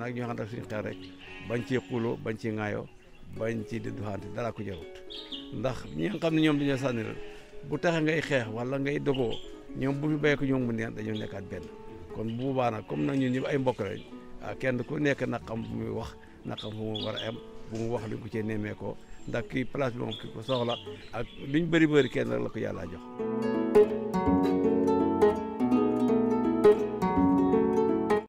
nag ñu ànd ak suñu xel rek bañ ci xuloo bañ ci ŋaayoo bañ ci dëddu xante dara ko jarut ndax ñi xam ne ñoom dañoo sànni la bu taxe ngay xeex wala nga dogoo ñoom bu fi béy ko ñoom mu neen dañoo nekkaat benn kon bu boobaa nag comme nag ñun ñëpp ay mbokk lañ ah kenn ku nekk na xam mu wax na xam fu mu war a bu mu wax lu ko cee nemmee ko ndax kii place bi moom ki ko soxla ak liñ bëri bëri kenn rek la ko yàlla jox